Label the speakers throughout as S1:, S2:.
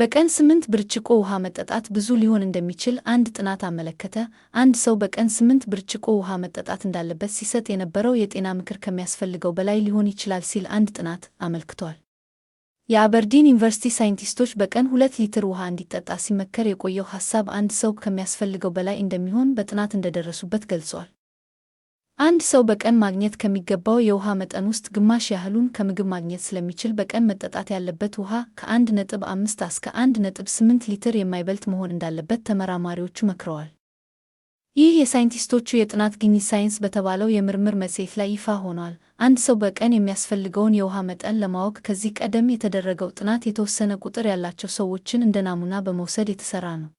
S1: በቀን ስምንት ብርጭቆ ውሃ መጠጣት ብዙ ሊሆን እንደሚችል አንድ ጥናት አመለከተ። አንድ ሰው በቀን ስምንት ብርጭቆ ውሃ መጠጣት እንዳለበት ሲሰጥ የነበረው የጤና ምክር ከሚያስፈልገው በላይ ሊሆን ይችላል ሲል አንድ ጥናት አመልክቷል። የአበርዲን ዩኒቨርሲቲ ሳይንቲስቶች በቀን ሁለት ሊትር ውሃ እንዲጠጣ ሲመከር የቆየው ሐሳብ አንድ ሰው ከሚያስፈልገው በላይ እንደሚሆን በጥናት እንደደረሱበት ገልጿል። አንድ ሰው በቀን ማግኘት ከሚገባው የውሃ መጠን ውስጥ ግማሽ ያህሉን ከምግብ ማግኘት ስለሚችል በቀን መጠጣት ያለበት ውሃ ከ1.5 እስከ 1.8 ሊትር የማይበልጥ መሆን እንዳለበት ተመራማሪዎቹ መክረዋል። ይህ የሳይንቲስቶቹ የጥናት ግኝት ሳይንስ በተባለው የምርምር መጽሔት ላይ ይፋ ሆኗል። አንድ ሰው በቀን የሚያስፈልገውን የውሃ መጠን ለማወቅ ከዚህ ቀደም የተደረገው ጥናት የተወሰነ ቁጥር ያላቸው ሰዎችን እንደ ናሙና በመውሰድ የተሰራ ነው።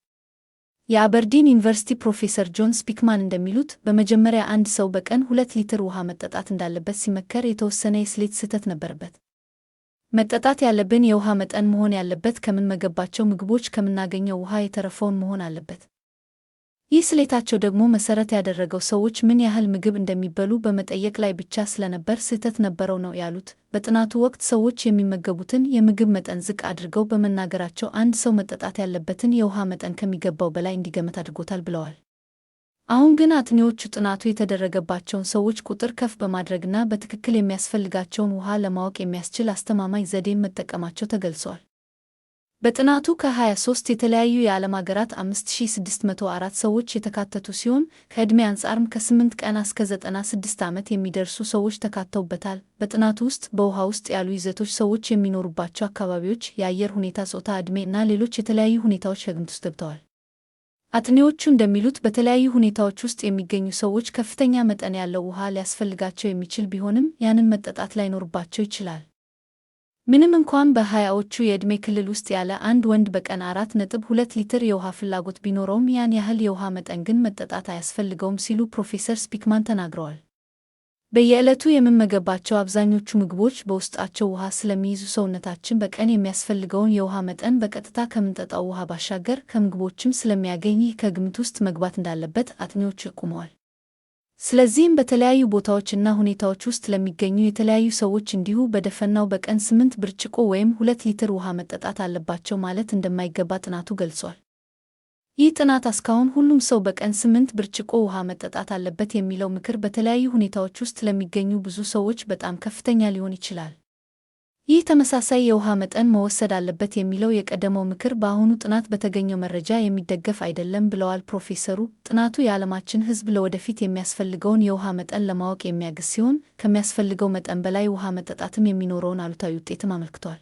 S1: የአበርዲን ዩኒቨርሲቲ ፕሮፌሰር ጆን ስፒክማን እንደሚሉት በመጀመሪያ አንድ ሰው በቀን ሁለት ሊትር ውሃ መጠጣት እንዳለበት ሲመከር የተወሰነ የስሌት ስህተት ነበረበት። መጠጣት ያለብን የውሃ መጠን መሆን ያለበት ከምንመገባቸው ምግቦች ከምናገኘው ውሃ የተረፈውን መሆን አለበት። ይህ ስሌታቸው ደግሞ መሰረት ያደረገው ሰዎች ምን ያህል ምግብ እንደሚበሉ በመጠየቅ ላይ ብቻ ስለነበር ስህተት ነበረው ነው ያሉት። በጥናቱ ወቅት ሰዎች የሚመገቡትን የምግብ መጠን ዝቅ አድርገው በመናገራቸው አንድ ሰው መጠጣት ያለበትን የውሃ መጠን ከሚገባው በላይ እንዲገመት አድርጎታል ብለዋል። አሁን ግን አጥኚዎቹ ጥናቱ የተደረገባቸውን ሰዎች ቁጥር ከፍ በማድረግና በትክክል የሚያስፈልጋቸውን ውሃ ለማወቅ የሚያስችል አስተማማኝ ዘዴን መጠቀማቸው ተገልጿል። በጥናቱ ከ23 የተለያዩ የዓለም አገራት 5604 ሰዎች የተካተቱ ሲሆን ከዕድሜ አንጻርም ከ8 ቀን እስከ 96 ዓመት የሚደርሱ ሰዎች ተካተውበታል። በጥናቱ ውስጥ በውሃ ውስጥ ያሉ ይዘቶች፣ ሰዎች የሚኖሩባቸው አካባቢዎች፣ የአየር ሁኔታ፣ ጾታ፣ ዕድሜ እና ሌሎች የተለያዩ ሁኔታዎች ከግምት ውስጥ ገብተዋል። አጥኔዎቹ እንደሚሉት በተለያዩ ሁኔታዎች ውስጥ የሚገኙ ሰዎች ከፍተኛ መጠን ያለው ውሃ ሊያስፈልጋቸው የሚችል ቢሆንም ያንን መጠጣት ላይኖርባቸው ይችላል። ምንም እንኳን በሀያዎቹ የዕድሜ ክልል ውስጥ ያለ አንድ ወንድ በቀን አራት ነጥብ ሁለት ሊትር የውሃ ፍላጎት ቢኖረውም ያን ያህል የውሃ መጠን ግን መጠጣት አያስፈልገውም ሲሉ ፕሮፌሰር ስፒክማን ተናግረዋል። በየዕለቱ የምመገባቸው አብዛኞቹ ምግቦች በውስጣቸው ውሃ ስለሚይዙ ሰውነታችን በቀን የሚያስፈልገውን የውሃ መጠን በቀጥታ ከምንጠጣው ውሃ ባሻገር ከምግቦችም ስለሚያገኝ ይህ ከግምት ውስጥ መግባት እንዳለበት አጥኚዎች ይቁመዋል። ስለዚህም በተለያዩ ቦታዎችና ሁኔታዎች ውስጥ ለሚገኙ የተለያዩ ሰዎች እንዲሁ በደፈናው በቀን ስምንት ብርጭቆ ወይም ሁለት ሊትር ውሃ መጠጣት አለባቸው ማለት እንደማይገባ ጥናቱ ገልጿል። ይህ ጥናት እስካሁን ሁሉም ሰው በቀን ስምንት ብርጭቆ ውሃ መጠጣት አለበት የሚለው ምክር በተለያዩ ሁኔታዎች ውስጥ ለሚገኙ ብዙ ሰዎች በጣም ከፍተኛ ሊሆን ይችላል። ይህ ተመሳሳይ የውሃ መጠን መወሰድ አለበት የሚለው የቀደመው ምክር በአሁኑ ጥናት በተገኘው መረጃ የሚደገፍ አይደለም ብለዋል ፕሮፌሰሩ። ጥናቱ የዓለማችን ሕዝብ ለወደፊት የሚያስፈልገውን የውሃ መጠን ለማወቅ የሚያግዝ ሲሆን ከሚያስፈልገው መጠን በላይ ውሃ መጠጣትም የሚኖረውን አሉታዊ ውጤትም አመልክቷል።